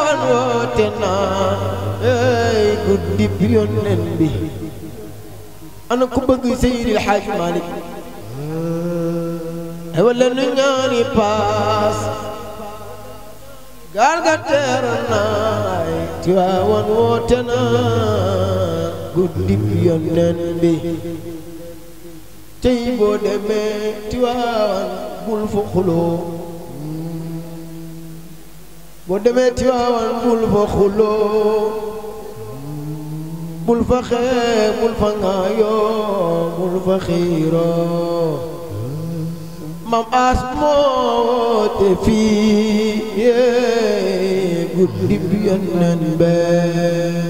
Tiwaawan woote naa ana ku bëgg Seydil Hadj Malick ay walla nu ñaani paas gaal ga teer naa ay Tiwaawan woote naa guddi bi Yonent bi tey boo demee Tiwaawan bul fa xuloo boo demee Tiwaawan bul fa xuloo bul fa xee bul fa ŋaayoo bul fa xiiroo maam as moo te fii yee guddi bi yónneen bee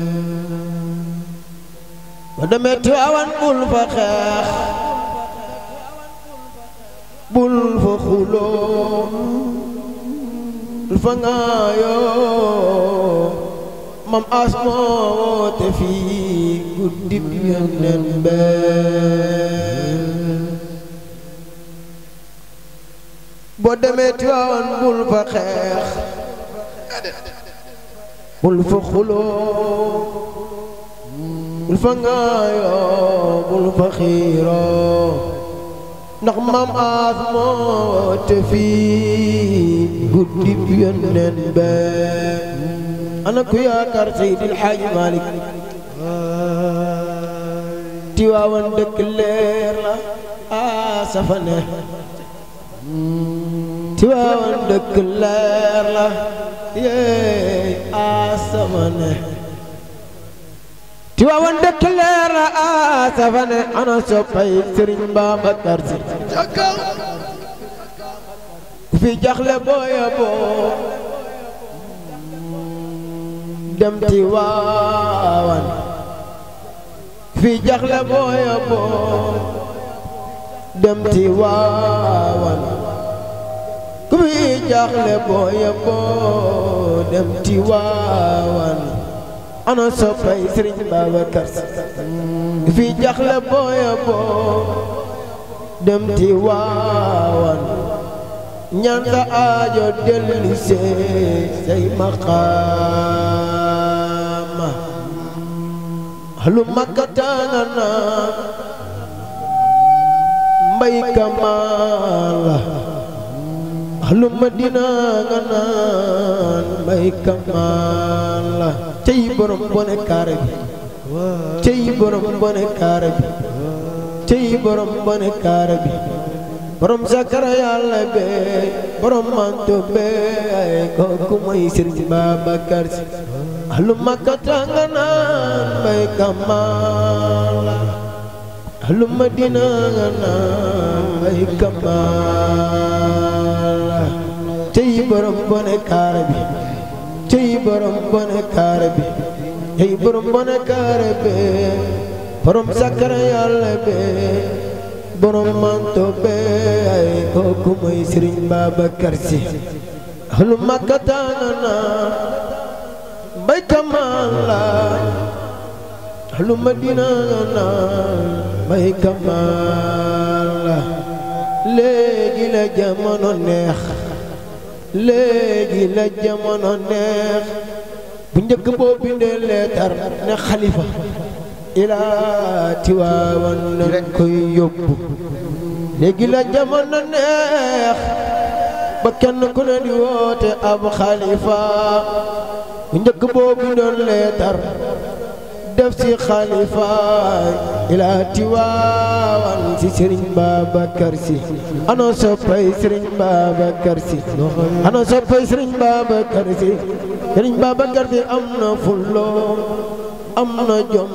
boo demee Tiwaawan bul fa xeex bul fa xuloo fa ngaayoo mam as moo woote fii guddib yónneen bee boo demee Tiwaawan fa xeex bul fa xuloo fa ngaayoo ndax maam aas moo te fii guddi bi yónneen ba ana ku yaakaar Seydil Xaaji Malick Tiwaawan dëkk leer la aa safane Tiwaawan dëkk ci waawoon dëkk leer a safane ana soppay sëriñ Babacar Si ku fi jaxle booya ku fi jaxle booya boo dem ci waawan ku fi jaxle booya boo dem ci waawan ana soppay Sëriñ Babacar fi jaxle booya boo dem ti waawan ñaan sa aajo say maqaama lu makka taana mbay kamaala lu madina nga mbay kamaala borom bone cey borom bone kaare bi cey borom bone kaare bi borom sakara yàlla borom manto be kooku mooy Sëriñ Babacar Si ahlu makka tanga naan bay kamaal ahlu madina nga naan bay kamaal cey borom bone kaare bi cey borom bone kaare bi hey borom bonakaare be borom sakara yàlla be borom manto be kooku mooy sëriñ Babacar Si ahlu makkataana na bayta la ahlu madina na bayta maan la léegi la jamono neex léegi la jamono neex bu njëkk boo bindee leetar ne xalifa ilaa tiwaawan nañ koy yóbbu léegi la jamono neex ba kenn ku ne di woote ab xalifa bu njëkk boo bindoon leetar def si xalifa ilaa tiwaawan si sëriñ Babacar si ana soppay sëriñ Babacar si ana soppay sëriñ Babacar si sëriñ Babacar Sy am na fulloo am na jom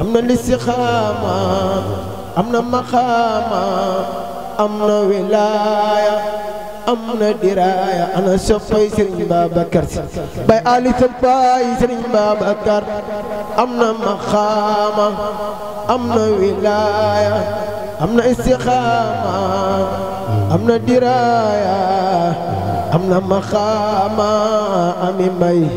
am na listixaama am na maxaama am na wilaaya am na diraaya ana soppay sëriñ Babacar Sy bay ali soppay sëriñ Babacar am na maxaama am na wilaaya am na istixaama am na diraaya am na maqaama ami mbay